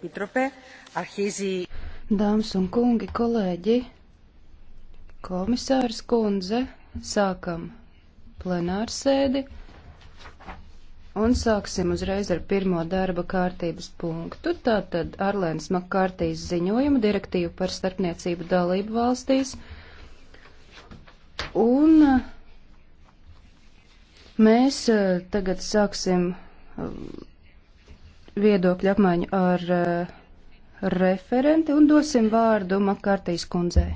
Dāmas un kungi, kolēģi, komisārs kundze, sākam plenārsēdi un sāksim uzreiz ar pirmo darba kārtības punktu. Tātad Arlēns Makārtīs ziņojumu direktīvu par starpniecību dalību valstīs. Un uh, mēs uh, tagad sāksim uh, viedokļu apmaiņu ar uh, referenti un dosim vārdu Makārtīs kundzei.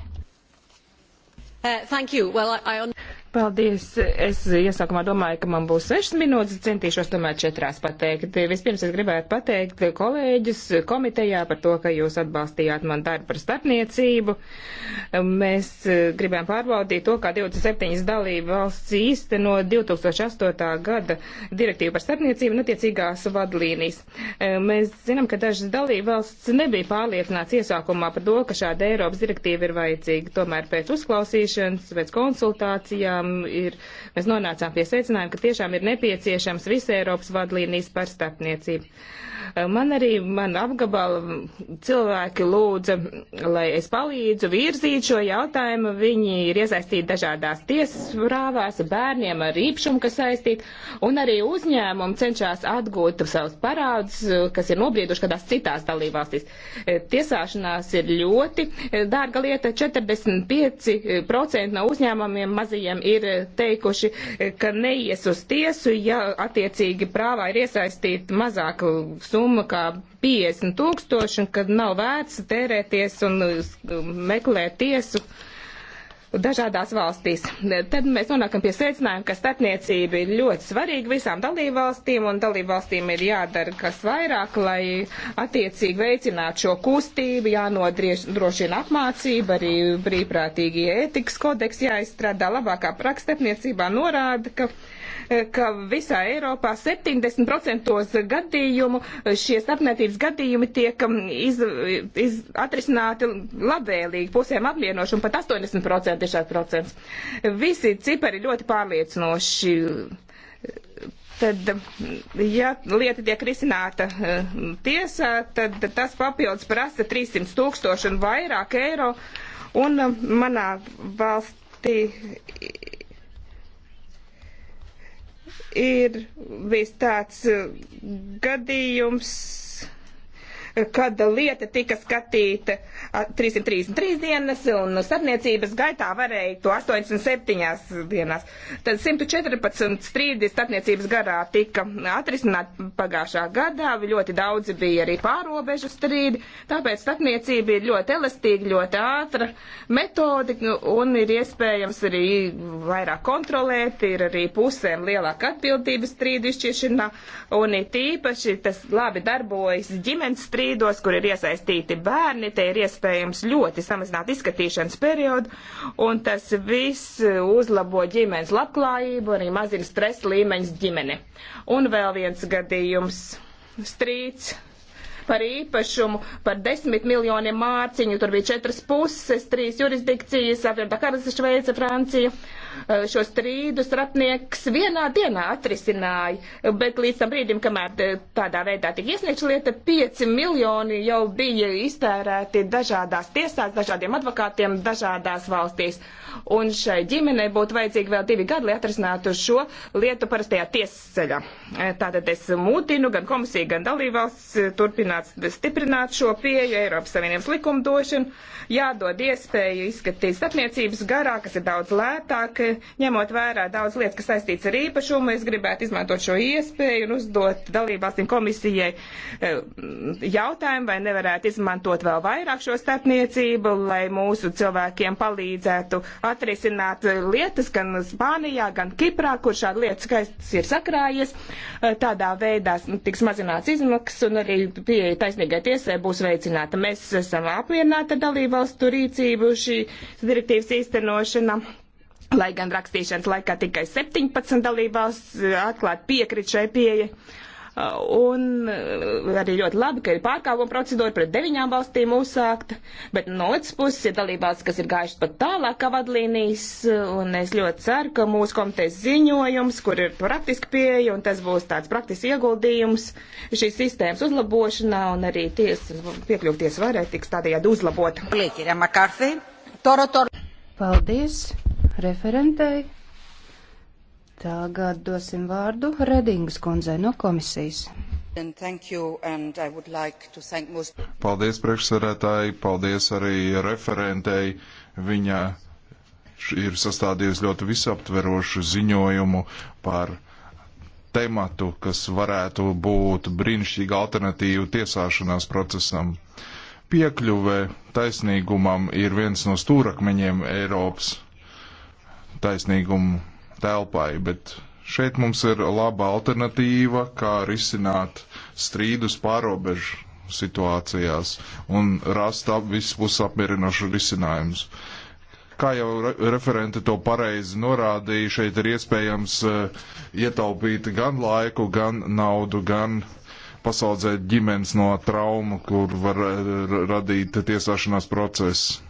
Uh, well, I, I... Paldies. Es iesākumā domāju, ka man būs 6 minūtes, centīšos tomēr 4 pateikt. Vispirms es gribētu pateikt kolēģus komitejā par to, ka jūs atbalstījāt man darbu par starpniecību. Mēs eh, gribējām pārbaudīt to, kā 27 dalība valsts īsteno 2008. gada direktīvu par starpniecību un attiecīgās vadlīnijas. Eh, mēs zinām, ka dažas dalība valsts nebija pārliecināts iesākumā par to, ka šāda Eiropas direktīva ir vajadzīga. Tomēr pēc uzklausīšanas, pēc konsultācijām, tiešām ir, mēs nonācām pie secinājuma, ka tiešām ir nepieciešams visa Eiropas vadlīnijas par starpniecību. Eh, man arī, man apgabala cilvēki lūdza, lai es palīdzu virzīt šo jautājumu. Viņi ir iesaistīti dažādās tiesas rāvās, bērniem ar īpašumu, kas saistīti, un arī uzņēmumi cenšas atgūt savus parādus, eh, kas ir nobrieduši kādās citās dalībvalstīs. Eh, tiesāšanās ir ļoti dārga lieta. 45% no uzņēmumiem mazajiem ir ir teikuši, ka neies uz tiesu, ja attiecīgi prāvā ir iesaistīta mazāka summa kā 50 tūkstoši, un kad nav vērts tērēties un meklēt tiesu dažādās valstīs. Tad mēs nonākam pie secinājuma, ka starpniecība ir ļoti svarīga visām dalībvalstīm, un dalībvalstīm ir jādara kas vairāk, lai attiecīgi veicinātu šo kustību, jānodrošina apmācība, arī brīvprātīgie ētikas kodeks jāizstrādā. Labākā prakstepniecībā norāda, ka ka visā Eiropā 70% gadījumu šie starpniecības gadījumi tiek um, iz, iz, atrisināti labvēlīgi pusēm apvienoši, un pat 80% ir šāds procents. Visi cipari ļoti pārliecinoši tad, ja lieta tiek risināta um, tiesā, tad tas papildus prasa 300 tūkstoši un vairāk eiro. Un um, manā valstī ir bijis tāds eh, gadījums, kad lieta tika skatīta 333 dienas un starpniecības gaitā varēja to 87 dienās. Tad 114 strīdi starpniecības garā tika atrisināt pagājušā gadā, ļoti daudzi bija arī pārobežu strīdi, tāpēc starpniecība ir ļoti elastīga, ļoti ātra metodi un ir iespējams arī vairāk kontrolēt, ir arī pusēm lielāka atbildības strīdu izšķiršanā un ir tīpaši tas labi darbojas ģimenes strīdi strīdos, kur ir iesaistīti bērni, te ir iespējams ļoti samazināt izskatīšanas periodu, un tas viss uzlabo ģimenes labklājību, arī mazina stresa līmeņus ģimene. Un vēl viens gadījums - strīds par īpašumu, par desmit miljoniem mārciņu, tur bija četras puses, trīs jurisdikcijas, apvienotā karalista Šveice, Francija. Uh, Eh, šo strīdu starpnieks vienā dienā atrisināja, bet līdz tam brīdim, kamēr eh, tādā veidā tika iesniegta lieta, 5 miljoni jau bija iztērēti dažādās tiesās, dažādiem advokātiem, dažādās valstīs. Un šai ģimenei būtu vajadzīgi vēl divi gadi, lai atrisinātu šo lietu parastajā tiesas ceļā. Eh, tātad es mūtinu gan komisiju, gan dalībvalsts turpināt stiprināt šo pieju Eiropas Savienības likumdošanu, jādod iespēju izskatīt starpniecības garā, kas ir daudz lētāk, ņemot vērā daudz lietas, kas saistīts ar īpašumu, es gribētu izmantot šo iespēju un uzdot dalībvalstīm komisijai e, jautājumu, vai nevarētu izmantot vēl vairāk šo starpniecību, lai mūsu cilvēkiem palīdzētu atrisināt lietas gan Spānijā, gan Kiprā, kur šāda lietas skaists ir sakrājies. E, tādā veidā tiks mazināts izmaksas un arī pieeja taisnīgai tiesai būs veicināta. Mēs esam apmierināti ar dalībvalstu rīcību šīs direktīvas īstenošana. Lai gan rakstīšanas laikā tikai 17 dalībvalsts eh, atklāt piekrit šai pieeja. Eh, un eh, arī ļoti labi, ka ir pārkāpuma procedūra pret deviņām valstīm uzsākta, bet no otras puses ir dalībvalsts, kas ir gājušas pat tālāk kā vadlīnijas, un es ļoti ceru, ka mūsu komitejas ziņojums, kur ir praktiski pieeja, un tas būs tāds praktisks ieguldījums šīs sistēmas uzlabošanā, un arī tiesa, nu, piekļūties varēja tiks tādējādi uzlabota. Paldies! referentei. Tagad dosim vārdu Redingas kundzei no komisijas. Paldies priekšsarētāji, paldies arī referentei. Viņa ir sastādījusi ļoti visaptverošu ziņojumu par tematu, kas varētu būt brīnišķīga alternatīva tiesāšanās procesam. Piekļuve taisnīgumam ir viens no stūrakmeņiem Eiropas taisnīgumu telpai, bet šeit mums ir laba alternatīva, kā risināt strīdus pārobežu situācijās un rast ap vispus apmierinošu risinājumus. Kā jau re referenti to pareizi norādīja, šeit ir iespējams uh, ietaupīt gan laiku, gan naudu, gan pasaudzēt ģimenes no traumu, kur var uh, radīt tiesāšanās procesu.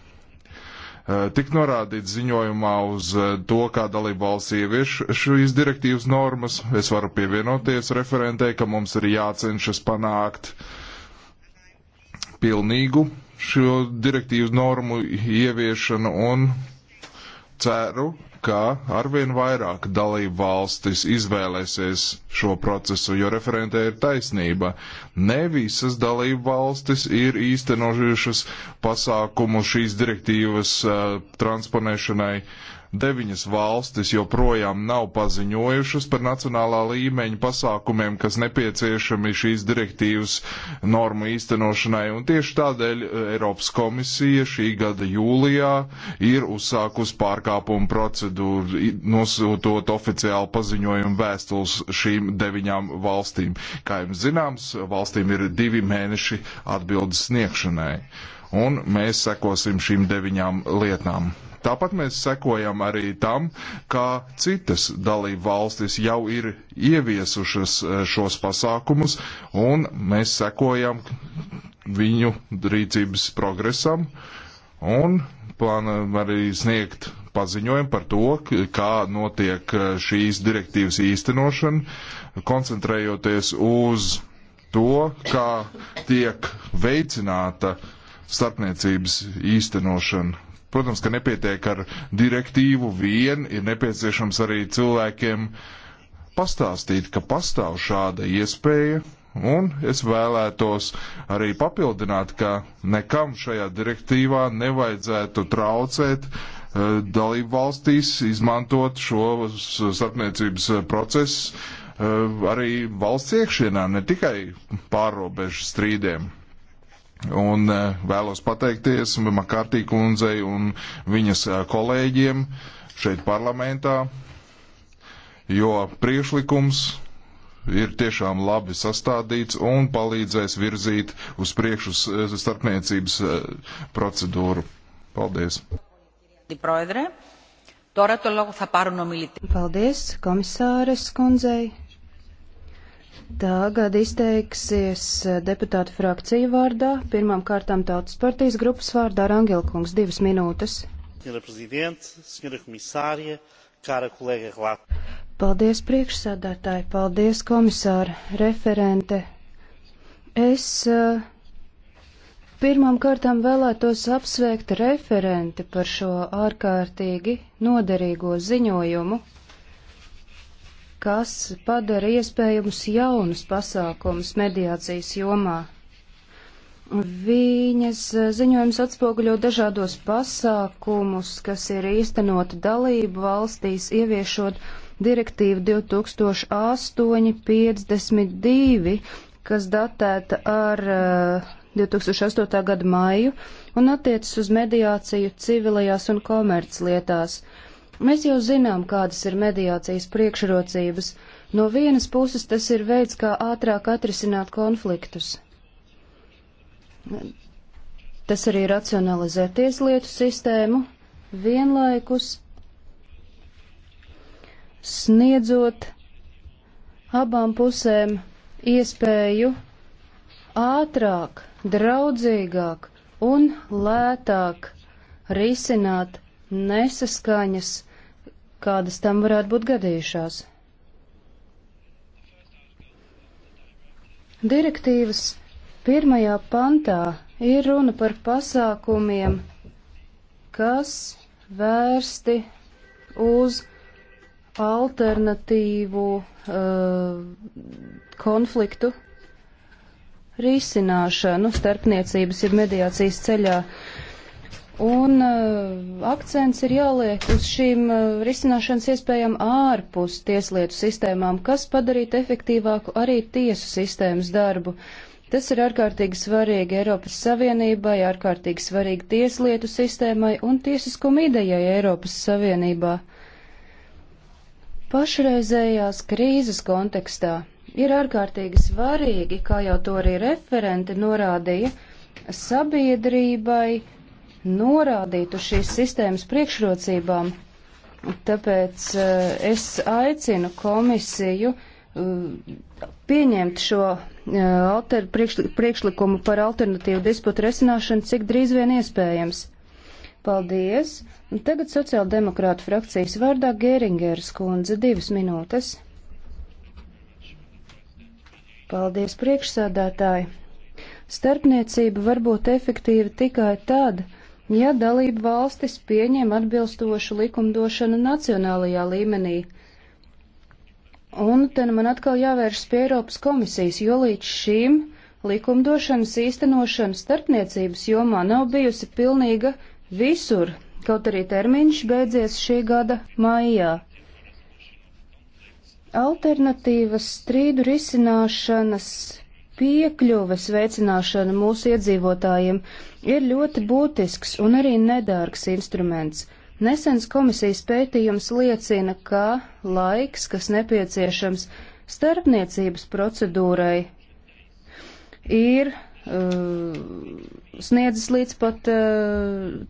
Eh, tik norādīts ziņojumā uz eh, to, kā dalība valsts ievieš šīs direktīvas normas. Es varu pievienoties referentē, ka mums ir jācenšas panākt pilnīgu šo direktīvu normu ieviešanu un ceru, ka arvien vairāk dalību valstis izvēlēsies šo procesu, jo referentē ir taisnība. Ne visas dalību valstis ir īstenojušas pasākumu šīs direktīvas uh, transponēšanai uh, Deviņas valstis joprojām nav paziņojušas par nacionālā līmeņa pasākumiem, kas nepieciešami šīs direktīvas normu īstenošanai, un tieši tādēļ e, Eiropas komisija šī gada jūlijā ir uzsākus pārkāpumu procedūru, nosūtot oficiālu paziņojumu vēstules šīm deviņām valstīm. Kā jums zināms, valstīm ir divi mēneši atbildes sniegšanai, un mēs sekosim šīm deviņām lietām. Tāpat mēs sekojam arī tam, kā citas dalību valstis jau ir ieviesušas eh, šos pasākumus, un mēs sekojam viņu rīcības progresam un plānojam arī sniegt paziņojumu par to, kā notiek eh, šīs direktīvas īstenošana, koncentrējoties uz to, kā tiek veicināta starpniecības īstenošana Protams, ka nepietiek ar direktīvu vien, ir nepieciešams arī cilvēkiem pastāstīt, ka pastāv šāda iespēja. Un es vēlētos arī papildināt, ka nekam šajā direktīvā nevajadzētu traucēt eh, dalību valstīs izmantot šo starpniecības eh, procesu eh, arī valsts iekšienā, ne tikai pārobežu strīdiem. Un eh, vēlos pateikties Makārtī kundzei un viņas eh, kolēģiem šeit parlamentā, jo priešlikums ir tiešām labi sastādīts un palīdzēs virzīt uz priekšu eh, starpniecības procedūru. Paldies! Paldies komisāres kundzei! Tagad izteiksies deputāta frakcija vārdā, pirmām kārtām tautas partijas grupas vārdā Rangelkungs, divas minūtes. Paldies priekšsādātāji, paldies komisāra, referente. Es uh, pirmām kārtām vēlētos apsveikt referenti par šo ārkārtīgi noderīgo ziņojumu kas padara iespējams jaunus pasākumus mediācijas jomā. Viņas eh, ziņojums atspoguļo dažādos pasākumus, kas ir īstenoti dalību valstīs, ieviešot direktīvu 2008-52, kas datēta ar 2008. Eh, gada maiju un attiecas uz mediāciju civilajās un komerclietās. lietās. Mēs jau zinām, kādas ir mediācijas priekšrocības. No vienas puses tas ir veids, kā ātrāk atrisināt konfliktus. Tas arī racionalizē tieslietu sistēmu, vienlaikus sniedzot abām pusēm iespēju ātrāk, draudzīgāk un lētāk risināt nesaskaņas, kādas tam varētu būt gadījušās. Direktīvas pirmajā pantā ir runa par pasākumiem, kas vērsti uz alternatīvu uh, konfliktu risināšanu starpniecības, jeb mediācijas ceļā. Uh, Un uh, akcents ir jāliek uz šīm uh, risināšanas iespējām ārpus tieslietu sistēmām, kas padarītu efektīvāku arī tiesu sistēmas darbu. Tas ir ārkārtīgi svarīgi Eiropas Savienībai, ārkārtīgi svarīgi tieslietu sistēmai un tiesiskumu idejai Eiropas Savienībā. Pašreizējās krīzes kontekstā ir ārkārtīgi svarīgi, kā jau to arī referenti norādīja, sabiedrībai, norādītu šīs sistēmas priekšrocībām, tāpēc eh, es aicinu komisiju eh, pieņemt šo eh, alter, priekšlikumu par alternatīvu disputu resināšanu, cik drīz vien iespējams. Paldies! Tagad sociāldemokrāta frakcijas vārdā Gēringeras kundze divas minūtes. Paldies, priekšsādātāji! Starpniecība var būt efektīva tikai tad, kad ja dalība valstis pieņem atbilstošu likumdošanu nacionālajā līmenī. Un te nu man atkal jāvēršas pie Eiropas komisijas, jo līdz šim likumdošanas īstenošana starpniecības jomā nav bijusi pilnīga visur, kaut arī termiņš beidzies šī gada maijā. Alternatīvas strīdu risināšanas piekļuves veicināšana mūsu iedzīvotājiem ir ļoti būtisks un arī nedārgs instruments. Nesens komisijas pētījums liecina, ka laiks, kas nepieciešams starpniecības procedūrai, ir uh, sniedzis līdz pat uh,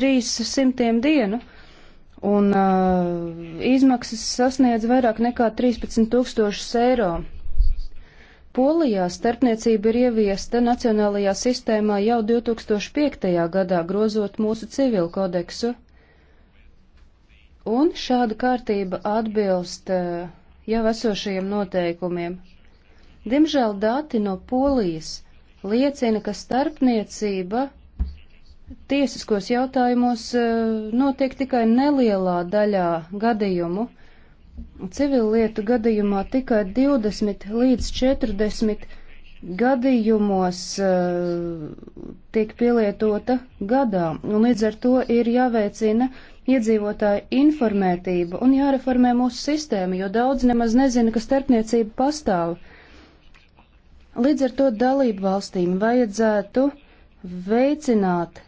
300 dienu, un uh, izmaksas sasniedz vairāk nekā 13 tūkstošus eiro. Polijā starpniecība ir ieviesta nacionālajā sistēmā jau 2005. gadā, grozot mūsu civilu kodeksu, un šāda kārtība atbilst eh, jau esošajiem noteikumiem. Diemžēl dati no Polijas liecina, ka starpniecība tiesiskos jautājumos eh, notiek tikai nelielā daļā gadījumu, Civilietu gadījumā tikai 20 līdz 40 gadījumos uh, tiek pielietota gadā, un līdz ar to ir jāveicina iedzīvotāju informētība un jāreformē mūsu sistēma, jo daudz nemaz nezina, ka starpniecība pastāv. Līdz ar to dalību valstīm vajadzētu veicināt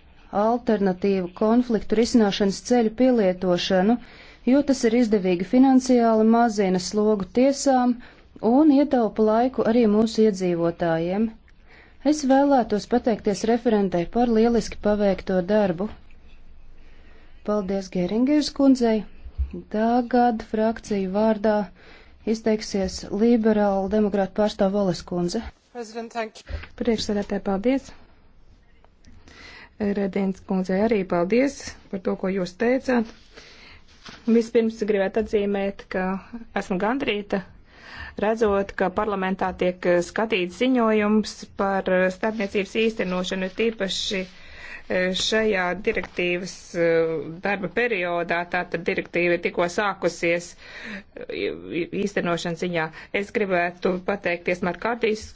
alternatīvu konfliktu risināšanas ceļu pielietošanu, uh, jo tas ir izdevīgi finansiāli, mazina slogu tiesām un ietaupa laiku arī mūsu iedzīvotājiem. Es vēlētos pateikties referentei par lieliski paveikto darbu. Paldies Geringers kundzei. Tagad frakciju vārdā izteiksies liberāla demokrāta pārstāv Oles kundze. Priekšsēdētāji, paldies! Redīns kundzei arī paldies par to, ko jūs teicāt. Vispirms gribētu atzīmēt, ka esmu gandrīta redzot, ka parlamentā tiek skatīts ziņojums par starpniecības īstenošanu, tīpaši e, šajā direktīvas e, darba periodā, tātad direktīva ir tikko sākusies e, īstenošanas ziņā. Es gribētu pateikties Markārtīs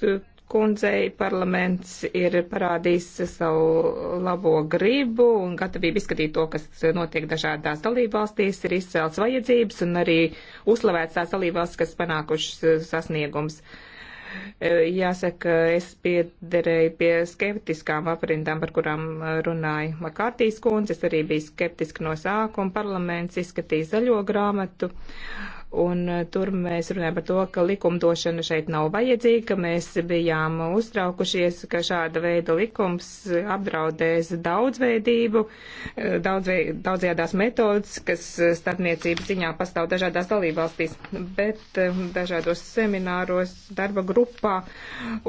kundzei parlaments ir parādījis savu labo gribu un gatavību izskatīt to, kas notiek dažādās dalībvalstīs, ir izcēlts vajadzības un arī uzslavēts tās dalībvalstis, kas panākušas eh, sasniegums. Eh, jāsaka, es piederēju pie skeptiskām aprindām, par kurām eh, runāja Makārtīs kundze. Es arī biju skeptiski no sākuma. Parlaments izskatīja zaļo grāmatu. Uh, Un eh, tur mēs runājam par to, ka likumdošana šeit nav vajadzīga. Mēs bijām uztraukušies, ka šāda veida likums eh, apdraudēs daudzveidību, eh, daudzveid, daudzjādās metodas, kas starpniecības ziņā pastāv dažādās dalībvalstīs, bet dažādos semināros, darba grupā.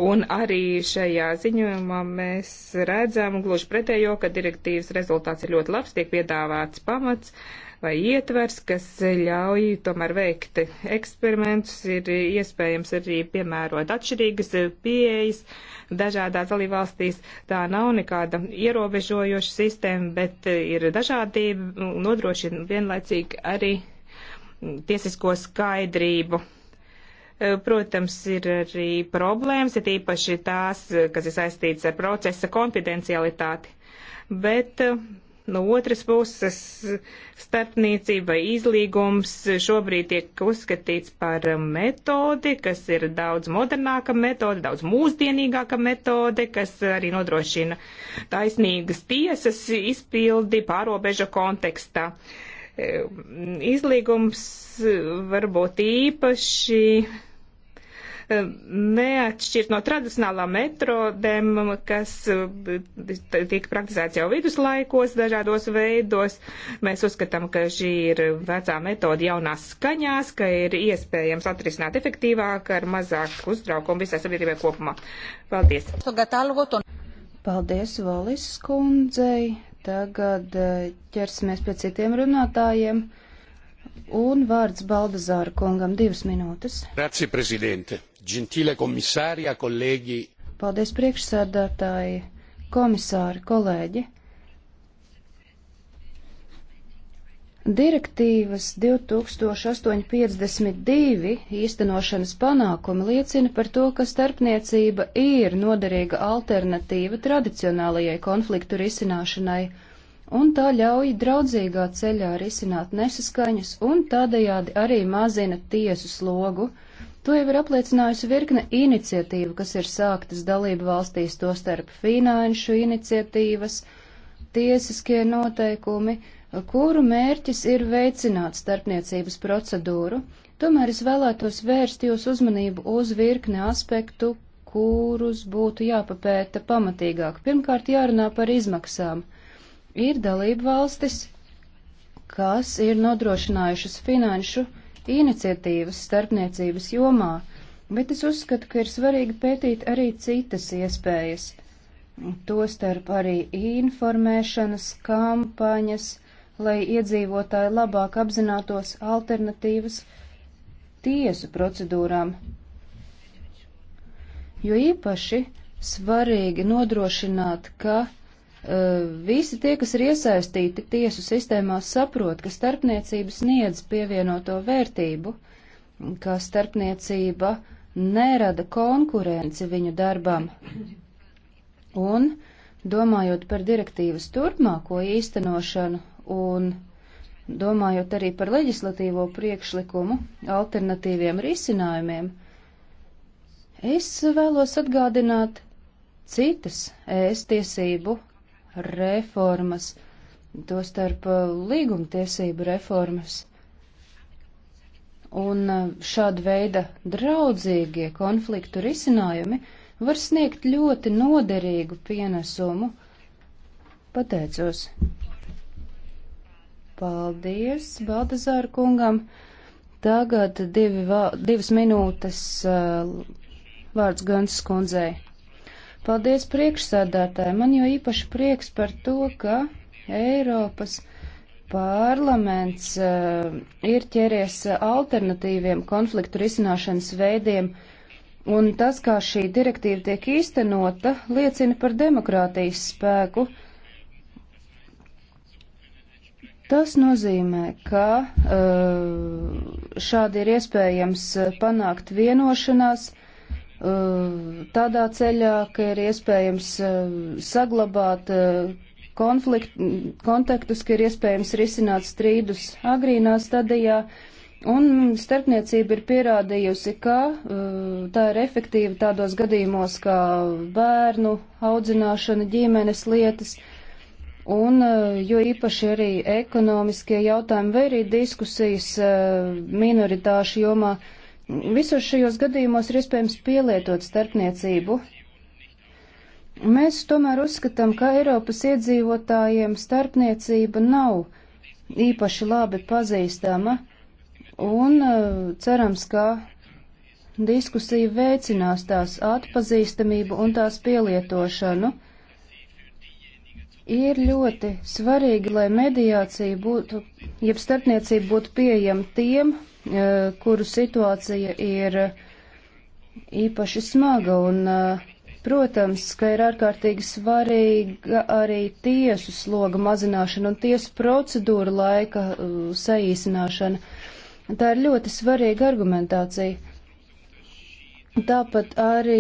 Un arī šajā ziņojumā mēs redzam gluži pretējo, ka direktīvas rezultāts ir ļoti labs, tiek piedāvāts pamats. Uh, vai ietvers, kas ļauj tomēr veikt eksperimentus, ir iespējams arī piemērot atšķirīgas pieejas dažādās dalībvalstīs. Tā nav nekāda ierobežojoša sistēma, bet ir dažādība un nodrošina vienlaicīgi arī tiesisko skaidrību. Protams, ir arī problēmas, ir īpaši tās, kas ir saistītas ar procesa konfidencialitāti. Bet No otras puses, starpniecība izlīgums šobrīd tiek uzskatīts par metodi, kas ir daudz modernāka metode, daudz mūsdienīgāka metode, kas arī nodrošina taisnīgas tiesas izpildi pārobeža kontekstā. Ehm, izlīgums var būt īpaši neatšķirt no tradicionālām metrodēm, kas eh, tika praktizēts jau viduslaikos dažādos veidos. Mēs uzskatām, ka šī ir vecā metode jaunās skaņās, ka ir iespējams atrisināt efektīvāk ar mazāk uztraukumu visai sabiedrībai kopumā. Paldies! Paldies, Valis kundzei! Tagad eh, ķersimies pie citiem runātājiem. Un vārds Baldazāra kungam divas minūtes. Grazie, prezidente gentile komisārija, kolēģi. Paldies priekšsēdētāji, komisāri, kolēģi. Direktīvas 2852 īstenošanas panākumi liecina par to, ka starpniecība ir noderīga alternatīva tradicionālajai konfliktu risināšanai, un tā ļauj draudzīgā ceļā risināt nesaskaņas un tādējādi arī mazina tiesu slogu. To jau ir apliecinājusi virkne iniciatīva, kas ir sāktas dalību valstīs, to starp finanšu iniciatīvas, tiesiskie noteikumi, kuru mērķis ir veicināt starpniecības procedūru. Tomēr es vēlētos vērst jūs uzmanību uz virkni aspektu, kurus būtu jāpapēta pamatīgāk. Pirmkārt, jārunā par izmaksām. Ir dalību valstis, kas ir nodrošinājušas finanšu iniciatīvas starpniecības jomā, bet es uzskatu, ka ir svarīgi pētīt arī citas iespējas, tostarp arī informēšanas kampaņas, lai iedzīvotāji labāk apzinātos alternatīvas tiesu procedūrām, jo īpaši svarīgi nodrošināt, ka Eh, visi tie, kas ir iesaistīti tiesu sistēmās, saprot, ka starpniecība sniedz pievienoto vērtību, ka starpniecība nerada konkurenci viņu darbam. Un, domājot par direktīvas turpmāko īstenošanu un domājot arī par leģislatīvo priekšlikumu alternatīviem risinājumiem, es vēlos atgādināt citas ēstiesību reformas, tostarp uh, līgumtiesību reformas. Un uh, šāda veida draudzīgie konfliktu risinājumi var sniegt ļoti noderīgu pienesumu. Pateicos. Paldies Baldazāra kungam. Tagad divi, divas minūtes uh, vārds Gans kundzei. Paldies priekšsādātāji. Man jau īpaši prieks par to, ka Eiropas parlaments uh, ir ķēries alternatīviem konfliktu risināšanas veidiem, un tas, kā šī direktīva tiek īstenota, liecina par demokrātijas spēku. Tas nozīmē, ka uh, šādi ir iespējams panākt vienošanās uh, Eh, tādā ceļā, ka ir iespējams eh, saglabāt eh, konfliktu, kontaktus, ka ir iespējams risināt strīdus agrīnā stadijā, un starpniecība ir pierādījusi, ka tā ir efektīva tādos gadījumos kā bērnu audzināšana, ģimenes lietas, un jo īpaši arī ekonomiskie jautājumi vai arī diskusijas minoritāšu jomā. Jo Visos šajos gadījumos ir iespējams pielietot starpniecību. Mēs tomēr uzskatām, ka Eiropas iedzīvotājiem starpniecība nav īpaši labi pazīstama un eh, cerams, ka diskusija veicinās tās atpazīstamību un tās pielietošanu. Ir ļoti svarīgi, lai mediācija būtu, jeb starpniecība būtu pieejama tiem, Eh, kuru situācija ir īpaši smaga un, eh, protams, ka ir ārkārtīgi svarīga arī tiesu sloga mazināšana un tiesu procedūra laika eh, saīsināšana. Tā ir ļoti svarīga argumentācija. Tāpat arī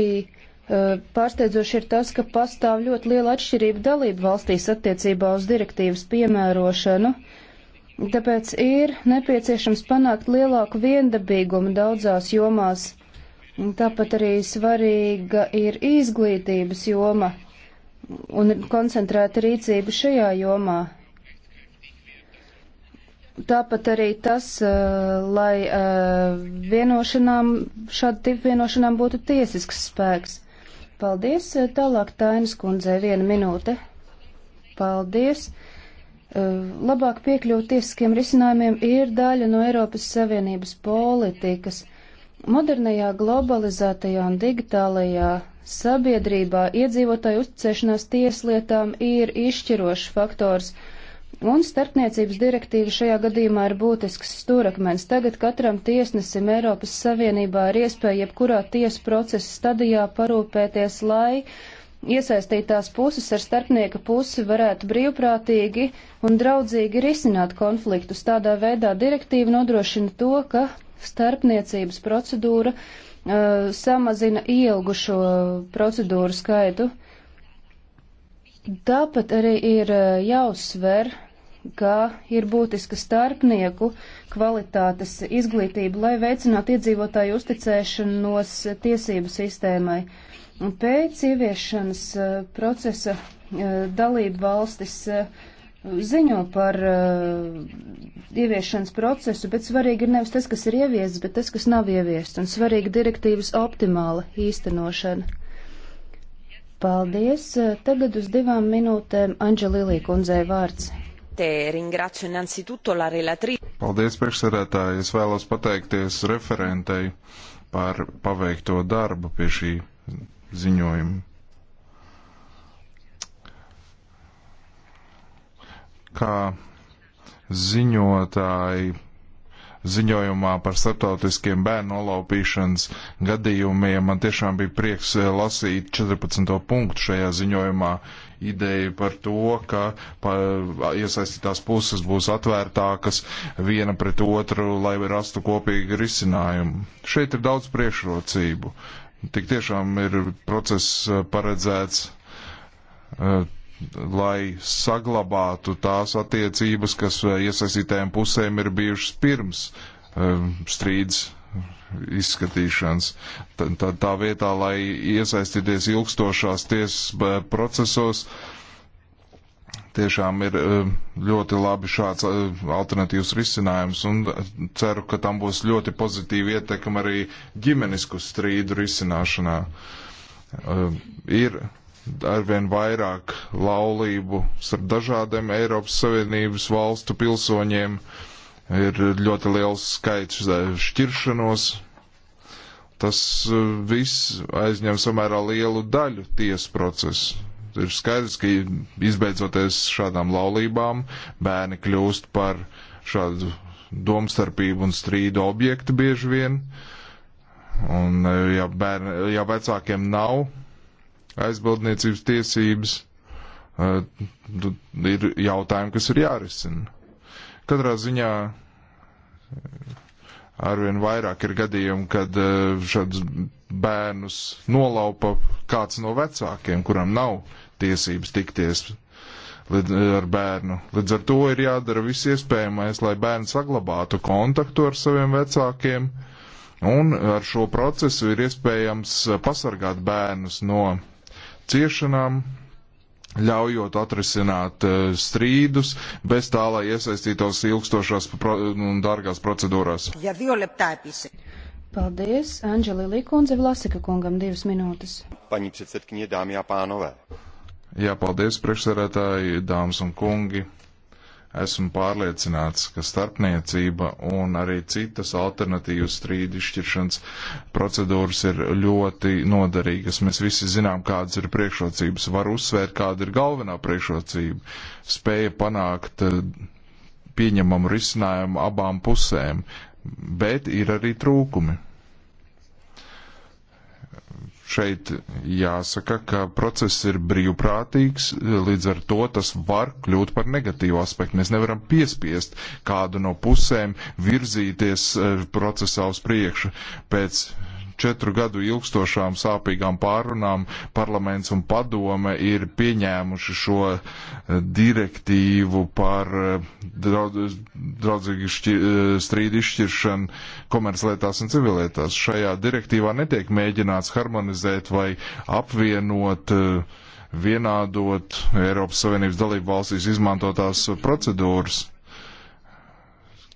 pārsteidzoši ir tas, ka pastāv ļoti liela atšķirība dalību valstīs attiecībā uz direktīvas piemērošanu. Uh, Tāpēc ir nepieciešams panākt lielāku viendabīgumu daudzās jomās. Tāpat arī svarīga ir izglītības joma un koncentrēta rīcība šajā jomā. Tāpat arī tas, eh, lai eh, vienošanām, šāda tipa vienošanām būtu tiesisks spēks. Paldies. Eh, tālāk Tainas kundzei viena minūte. Paldies. Eh, labāk piekļūt tiesiskiem risinājumiem ir daļa no Eiropas Savienības politikas. Modernajā globalizētajā un digitālajā sabiedrībā iedzīvotāju uzticēšanās tieslietām ir izšķirošs faktors, un starpniecības direktīva šajā gadījumā ir būtisks stūrakmens. Tagad katram tiesnesim Eiropas Savienībā ir iespēja jebkurā tiesu procesa stadijā parūpēties, lai iesaistītās puses ar starpnieka pusi varētu brīvprātīgi un draudzīgi risināt konfliktus. Tādā veidā direktīva nodrošina to, ka starpniecības procedūra uh, samazina ielgušo procedūru skaitu. Tāpat arī ir uh, jāuzsver, ka ir būtiska starpnieku kvalitātes izglītība, lai veicinātu iedzīvotāju uzticēšanos tiesību sistēmai. Uh, Pēc ieviešanas eh, procesa eh, dalību valstis eh, ziņo par ieviešanas procesu, bet svarīgi ir nevis tas, kas ir ieviests, bet tas, kas nav ieviests, un svarīgi direktīvas optimāla īstenošana. Paldies! Tagad uz divām minūtēm Anģelīlī kundzei vārds. Paldies, priekšsarētāji! Es vēlos pateikties referentei par paveikto darbu pie šī ziņojumu. Kā ziņotāji ziņojumā par starptautiskiem bērnu nolaupīšanas gadījumiem. Man tiešām bija prieks eh, lasīt 14. punktu šajā ziņojumā. Ideja par to, ka pa, iesaistītās puses būs atvērtākas viena pret otru, lai rastu kopīgu risinājumu. Šeit ir daudz priekšrocību. Tik tiešām ir process eh, paredzēts, eh, lai saglabātu tās attiecības, kas eh, iesaistītēm pusēm ir bijušas pirms strīds izskatīšanas. Tā, tā, tā vietā, lai iesaistīties ilgstošās tiesas procesos, uh, tiešām ir eh, ļoti labi šāds eh, alternatīvs risinājums un ceru, ka tam būs ļoti pozitīva ietekma arī ģimenisku strīdu risināšanā. Eh, ir arvien vairāk laulību starp dažādiem Eiropas Savienības valstu pilsoņiem, ir ļoti liels skaits šķiršanos. Tas viss aizņem samērā lielu daļu tiesu procesu Ir skaidrs, ka izbeidzoties šādām laulībām, bērni kļūst par šādu domstarpību un strīdu objektu bieži vien. Un, ja, bērni, ja vecākiem nav aizbildniecības tiesības, eh, ir jautājumi, kas ir jārisina. Katrā ziņā eh, arvien vairāk ir gadījumi, kad eh, šādus bērnus nolaupa kāds no vecākiem, kuram nav tiesības tikties eh, ar bērnu. Līdz ar to ir jādara viss iespējamais, lai bērns saglabātu kontaktu ar saviem vecākiem, un ar šo procesu ir iespējams eh, pasargāt bērnus no ciešanām, ļaujot atrisināt eh, strīdus, bez tā, lai iesaistītos ilgstošās un dārgās procedūrās. Ja Paldies, Anģeli Likundze, Vlasika kungam divas minūtes. Paņi predsedkinie, dāmi jā pānové. Jā, paldies priekšsarētāji, dāmas un kungi. Esmu pārliecināts, ka starpniecība un arī citas alternatīvas strīdu izšķiršanas procedūras ir ļoti noderīgas. Mēs visi zinām, kādas ir priekšrocības. Var uzsvērt, kāda ir galvenā priekšrocība. Spēja panākt eh, pieņemamu risinājumu abām pusēm, bet ir arī trūkumi Šeit jāsaka, ka process ir brīvprātīgs, līdz ar to tas var kļūt par negatīvu aspektu. Mēs nevaram piespiest kādu no pusēm virzīties eh, procesā uz priekšu pēc četru gadu ilgstošām sāpīgām pārunām parlaments un padome ir pieņēmuši šo eh, direktīvu par eh, draudzīgu šķir, eh, strīdu izšķiršanu komerclietās un civilietās. Šajā direktīvā netiek mēģināts harmonizēt vai apvienot vienādot Eiropas Savienības dalību valstīs izmantotās procedūras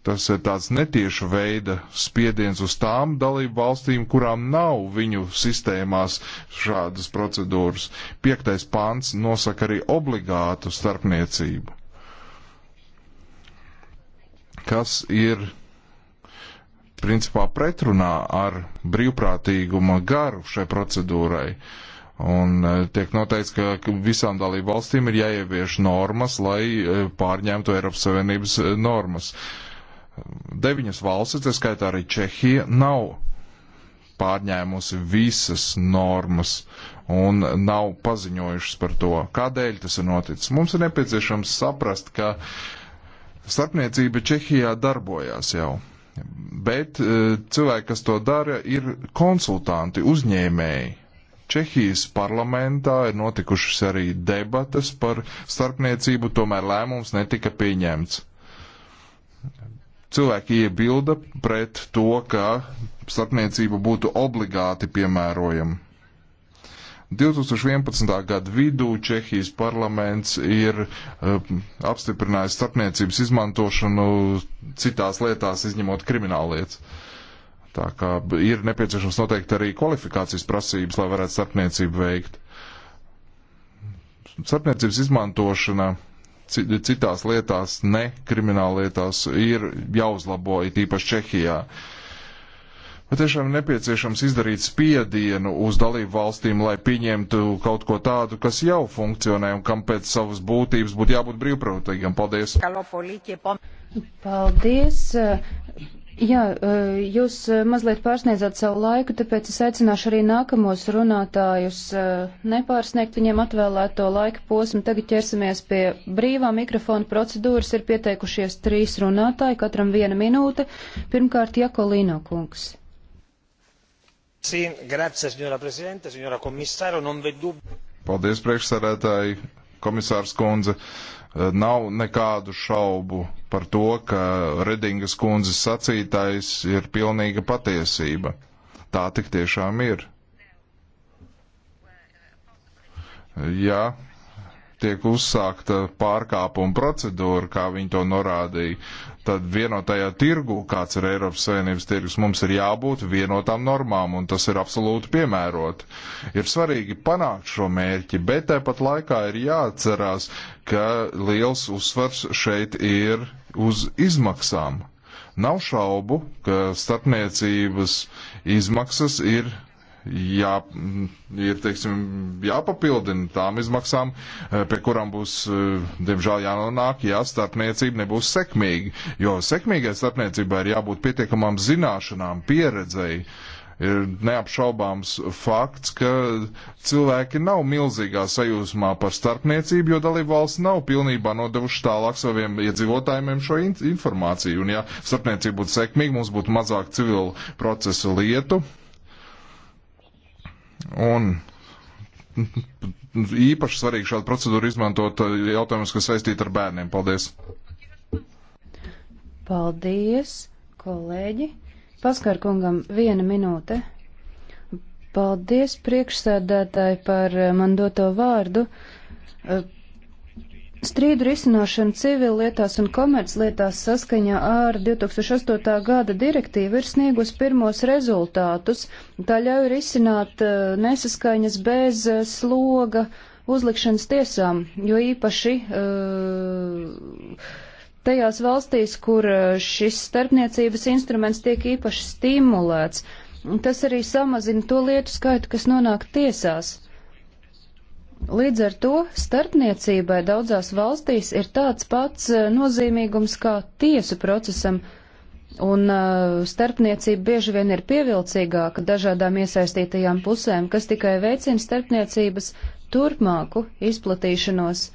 Tas ir tāds netieša veida spiediens uz tām dalību valstīm, kurām nav viņu sistēmās šādas procedūras. Piektais pāns nosaka arī obligātu starpniecību. Kas ir principā pretrunā ar brīvprātīguma garu šai procedūrai. Un e, tiek noteikts, ka visām dalību valstīm ir jāievieš normas, lai e, pārņemtu Eiropas Savienības e, normas. Uh, Deviņas valstis, tā skaitā arī Čehija, nav pārņēmusi visas normas un nav paziņojušas par to, kādēļ tas ir noticis. Mums ir nepieciešams saprast, ka starpniecība Čehijā darbojās jau. Bet e, cilvēki, kas to dara, ir konsultanti, uzņēmēji. Čehijas parlamentā ir notikušas arī debatas par starpniecību, tomēr lēmums netika pieņemts. Cilvēki iebilda pret to, ka starpniecība būtu obligāti piemērojama. 2011. gada vidū Čehijas parlaments ir uh, apstiprinājis starpniecības izmantošanu citās lietās, izņemot krimināllietas. Tā kā ir nepieciešams noteikti arī kvalifikācijas prasības, lai varētu starpniecību veikt. Starpniecības izmantošana uh, citās lietās, ne krimināla lietās, ir jāuzlabo, it īpaši Čehijā. Bet tiešām nepieciešams izdarīt spiedienu uz dalību valstīm, lai pieņemtu kaut ko tādu, kas jau funkcionē un kam pēc savas būtības būtu jābūt brīvprātīgam. Paldies! Paldies! Jā, eh, jūs eh, mazliet pārsniedzāt savu laiku, tāpēc es aicināšu arī nākamos runātājus eh, nepārsniegt viņiem atvēlēto laika posmu. Tagad ķersimies pie brīvā mikrofona procedūras. Ir pieteikušies trīs runātāji, katram viena minūte. Pirmkārt, Jakolino kungs. Paldies, priekšsarētāji, komisārs kundze. Eh, nav nekādu šaubu par to, ka Redingas kundzes sacītais ir pilnīga patiesība. Tā tik tiešām ir. Jā. Ja tiek uzsākta pārkāpuma procedūra, kā viņi to norādīja, tad vienotajā tirgu, kāds ir Eiropas Savienības tirgus, mums ir jābūt vienotām normām, un tas ir absolūti piemērot. Ir svarīgi panākt šo mērķi, bet tāpat laikā ir jāatcerās, ka liels uzsvars šeit ir uz izmaksām. Nav šaubu, ka starpniecības izmaksas ir jā, ir, teiksim, jāpapildina tām izmaksām, eh, pie kurām būs, eh, diemžēl, jānonāk, ja starpniecība nebūs sekmīga. Jo sekmīgai starpniecībai ir jābūt pietiekamām zināšanām, pieredzei. Ir neapšaubāms fakts, ka cilvēki nav milzīgā sajūsmā par starpniecību, jo dalībvalsts nav pilnībā nodevuši tālāk saviem iedzīvotājiem šo in informāciju. Un ja starpniecība būtu sekmīga, mums būtu mazāk civilu procesu lietu, Un īpaši svarīgi šādu procedūru izmantot eh, jautājumus, kas saistīti ar bērniem. Paldies! Paldies, kolēģi! Paskar kungam viena minūte. Paldies priekšsēdētāji par eh, man doto vārdu. Eh, Strīdu risināšana civillietās un komerclietās saskaņā ar 2008. gada direktīvu ir sniegus pirmos rezultātus. Tā ļauj risināt eh, nesaskaņas bez eh, sloga uzlikšanas tiesām, jo īpaši eh, tajās valstīs, kur šis starpniecības instruments tiek īpaši stimulēts. Tas arī samazina to lietu skaitu, kas nonāk tiesās. Līdz ar to starpniecībai daudzās valstīs ir tāds pats eh, nozīmīgums kā tiesu procesam, un eh, starpniecība bieži vien ir pievilcīgāka dažādām iesaistītajām pusēm, kas tikai veicina starpniecības turpmāku izplatīšanos.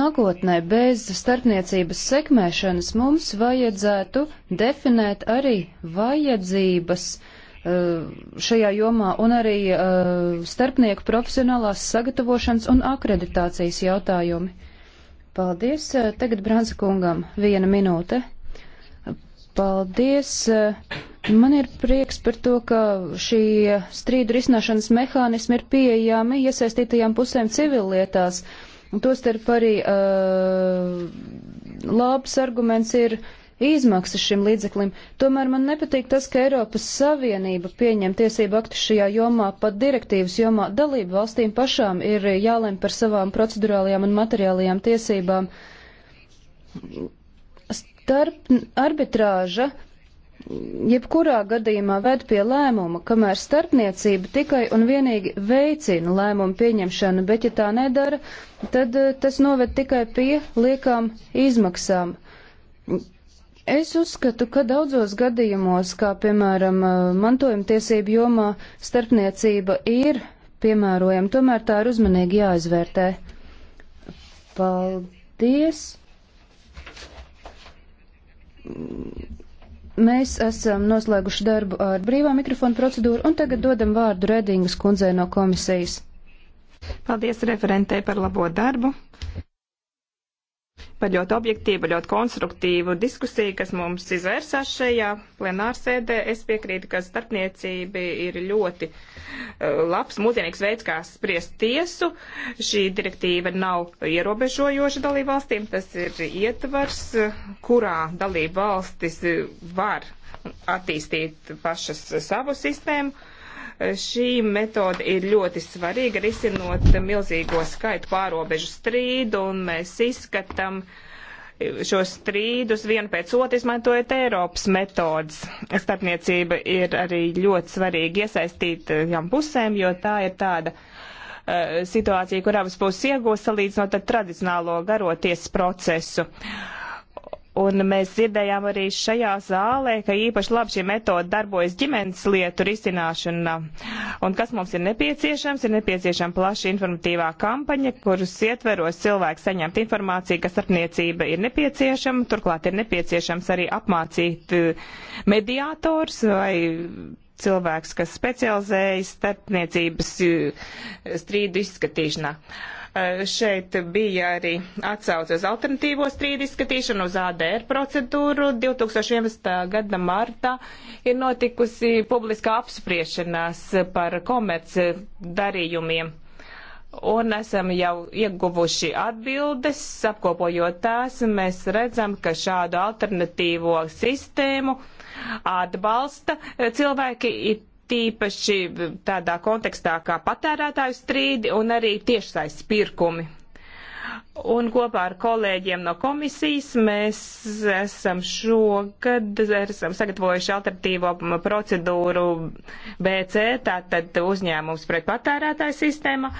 Nākotnē bez starpniecības sekmēšanas mums vajadzētu definēt arī vajadzības uh, Eh, šajā jomā un arī eh, starpnieku profesionālās sagatavošanas un akreditācijas jautājumi. Paldies. Eh, tagad Brānsa kungam viena minūte. Paldies. Man ir prieks par to, ka šī strīdu risināšanas mehānismi ir pieejami iesaistītajām pusēm civillietās. Un tostarp arī uh, labs arguments ir uh, izmaksas šim līdzeklim. Tomēr man nepatīk tas, ka Eiropas Savienība pieņem tiesību aktu šajā jomā, pat direktīvas jomā dalību valstīm pašām ir jālem par savām procedurālajām un materiālajām tiesībām. Starp arbitrāža jebkurā gadījumā ved pie lēmuma, kamēr starpniecība tikai un vienīgi veicina lēmumu pieņemšanu, bet ja tā nedara, tad eh, tas noved tikai pie liekām izmaksām Es uzskatu, ka daudzos gadījumos, kā piemēram mantojumtiesību jomā, starpniecība ir piemērojama, tomēr tā ir uzmanīgi jāizvērtē. Paldies! Mēs esam noslēguši darbu ar brīvā mikrofona procedūru un tagad dodam vārdu Redingas kundzei no komisijas. Paldies referentei par labo darbu par ļoti objektīvu, ļoti konstruktīvu diskusiju, kas mums izvērsās šajā plenārsēdē. Es piekrītu, ka starpniecība ir ļoti uh, labs, mūsdienīgs veids, kā spriest tiesu. Šī direktīva nav ierobežojoša dalību valstīm, tas ir ietvars, kurā dalību valstis var attīstīt pašas savu sistēmu Šī metode ir ļoti svarīga, risinot milzīgo skaitu pārobežu strīdu, un mēs izskatām šos strīdus vienu pēc otru izmantojot Eiropas metodas. Starpniecība ir arī ļoti svarīga iesaistīt eh, jām pusēm, jo tā ir tāda eh, situācija, kur abas puses iegūst salīdzinot ar tradicionālo garo tiesas procesu. Uh, Un mēs dzirdējām arī šajā zālē, ka īpaši labi šī metode darbojas ģimenes lietu risināšanā. Un kas mums ir nepieciešams? Ir nepieciešama plaša informatīvā kampaņa, kuras ietveros cilvēku saņemt informāciju, ka starpniecība ir nepieciešama. Turklāt ir nepieciešams arī apmācīt eh, mediātors vai cilvēks, kas specializējas starpniecības eh, strīdu izskatīšanā. Uh, Šeit bija arī atsauce uz alternatīvo strīdu izskatīšanu, uz ADR procedūru. 2011. gada martā ir notikusi publiskā apspriešanās par komerc darījumiem. Un esam jau ieguvuši atbildes, apkopojot tās, mēs redzam, ka šādu alternatīvo sistēmu atbalsta cilvēki it tīpaši tādā kontekstā kā patērētāju strīdi un arī tiešsaistes pirkumi. Un kopā ar kolēģiem no komisijas mēs esam šogad esam sagatavojuši alternatīvo procedūru BC, tātad uzņēmums pret patērētāju sistēma.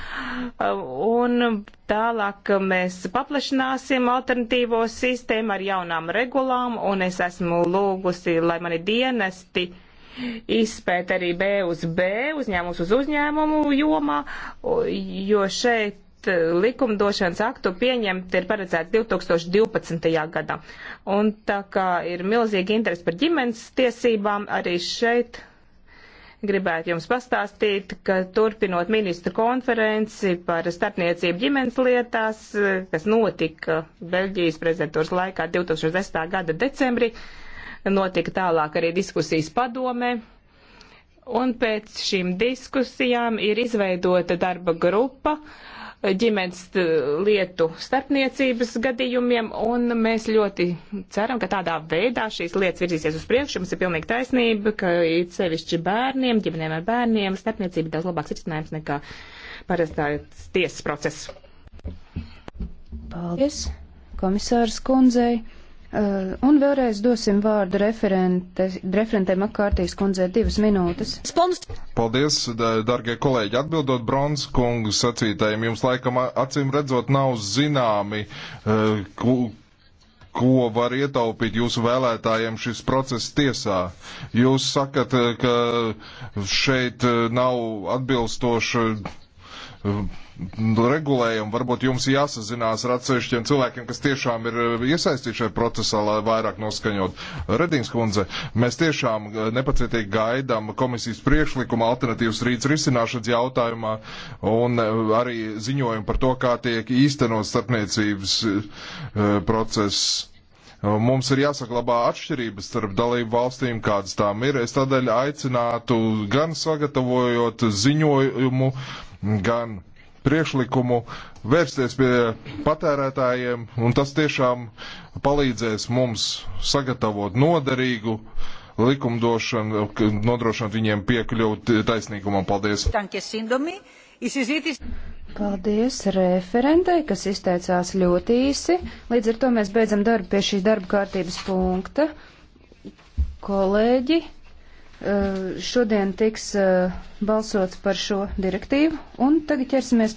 Un tālāk mēs paplašināsim alternatīvo sistēmu ar jaunām regulām, un es esmu lūgusi, lai mani dienesti. Uh, izpēt arī B uz B, uzņēmums uz uzņēmumu jomā, jo šeit eh, likumdošanas aktu pieņemt ir paredzēts 2012. gadā. Un tā kā ir milzīga interese par ģimenes tiesībām, arī šeit gribētu jums pastāstīt, ka turpinot ministru konferenci par starpniecību ģimenes lietās, eh, kas notika Beļģijas prezidentūras laikā 2010. gada decembrī, Notika tālāk arī diskusijas padomē. Un pēc šīm diskusijām ir izveidota darba grupa ģimenes lietu starpniecības gadījumiem, un mēs ļoti ceram, ka tādā veidā šīs lietas virzīsies uz priekšu. Mums ir pilnīgi taisnība, ka it sevišķi bērniem, ģimenēm ar bērniem starpniecība ir daudz labāks risinājums nekā parastā tiesas process. Paldies komisārs kundzei. Eh, un vēlreiz dosim vārdu referentē Makārtīs kundzē divas minūtes. Paldies, dargie kolēģi. Atbildot Brons kungu sacītājiem, jums laikam acīm redzot nav zināmi, eh, ko, ko var ietaupīt jūsu vēlētājiem šis process tiesā. Jūs sakat, eh, ka šeit nav atbilstoši regulējumu. Varbūt jums jāsazinās ar atsevišķiem cilvēkiem, kas tiešām ir uh, iesaistīti šajā procesā, lai vairāk noskaņot. Redings kundze, mēs tiešām uh, nepacietīgi gaidām komisijas priekšlikuma alternatīvas rīts risināšanas jautājumā un uh, arī ziņojumu par to, kā tiek īstenot starpniecības process. Mums ir jāsaglabā atšķirības starp dalību valstīm, kādas tām ir. Es tādēļ aicinātu gan sagatavojot ziņojumu, gan priekšlikumu vērsties pie patērētājiem, un tas tiešām palīdzēs mums sagatavot noderīgu likumdošanu, nodrošināt viņiem piekļūt taisnīgumam. Paldies! Paldies referentei, kas izteicās ļoti īsi. Līdz ar to mēs beidzam darbu pie šī darba kārtības punkta. Kolēģi, eh, šodien tiks eh, balsots par šo direktīvu, un tagad ķersimies